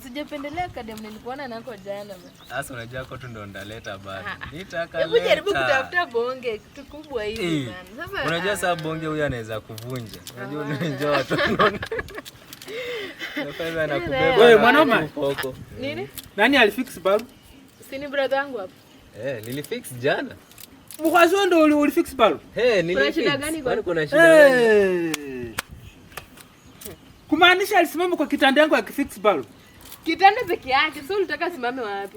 Sijapendelea kadem nilikuona nako jana. Sasa unajua ko tu ndo ndaleta bali. Nitaka leta. Hebu jaribu kutafuta bonge kitu kubwa hivi bana. Eh. Sasa unajua ah. saa bonge huyu anaweza kuvunja. Unajua ah. unajua watu. na kubeba. Wewe mwanaume. Nini? Nani alifix balbu? Sini brother wangu hapo. Eh, hey, nilifix jana. Mkwazo ndo ulifix balbu. Eh, hey, nilifix. Kuna shida gani kwani kuna shida gani? Eh. Kumaanisha alisimama kwa kitanda yangu akifix balbu. Kitanda peke yake, so unataka simame wapi?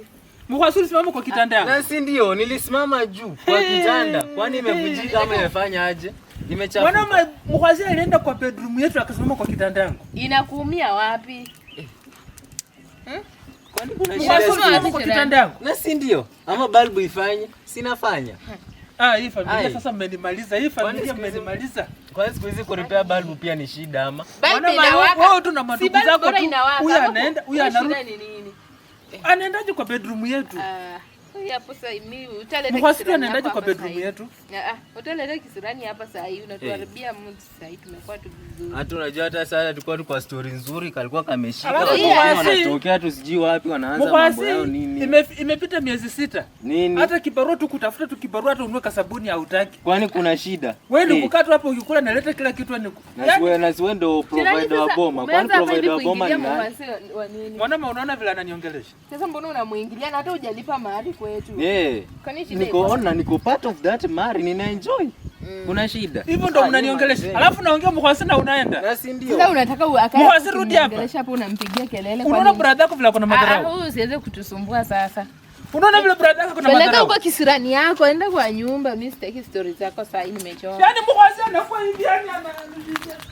Mkwasu ulisimama kwa kitanda. Na si ndio, nilisimama juu kwa kitanda. Kwani imevunjika ama imefanya aje? Nimechafuka. Bwana mkwasu alienda kwa bedroom yetu akasimama kwa kitanda yangu. Inakuumia wapi? Eh. Hmm? Kwani kuna shida? Mkwasu alisimama kwa kitanda yangu. Na si ndio? Ama balbu ifanye, sinafanya. Hmm. Ah, hii familia sasa mmenimaliza. Hii familia mmenimaliza. Kwa siku hizi kulipea balbu pia ni shida ama? Wao tu na madugu zako tu. Huyu anaenda, huyu anarudi. Eh. Anaendaje kwa bedroom yetu? Ah hapo anaendaje kwa bedroom yetu? Ah, ah, eh. Hata unajua hata sasa tulikuwa story nzuri, kalikuwa kameshika. Wanatokea tu sijui wapi wanaanza mambo yao nini. Imepita miezi sita. Nini? Hata kibarua tu kutafuta tu kibarua hata ununue kasabuni hautaki. Kwani kuna shida? Wewe ndio ukukata eh. hapo ukikula naleta kila kitu ni. Na wewe na wewe ndio provider wa boma. Kwani provider wa boma ni nani? unaona vile ananiongelesha. Sasa mbona unamuingilia na hata hujalipa kwetu. Yeah. Nikoona niko part of that mari nina ninaenjoy. Mm. Kuna shida. Hivyo ndo mnaniongelesha. Alafu naongea mkwasi na unaenda. Na si ndio. Sasa unataka akae. Mkwasi rudi hapa. Unaniongelesha hapo unampigia kelele kwa nini? Unaona brother yako vile kuna ah, madharau. Ah, usiweze kutusumbua sasa. Unaona vile brother yako kuna madharau. Peleka huko kisirani yako, enda kwa nyumba. Mimi sitaki stories zako sasa, nimechoka. Yaani mkwasi anakuwa hivi yani ananiambia.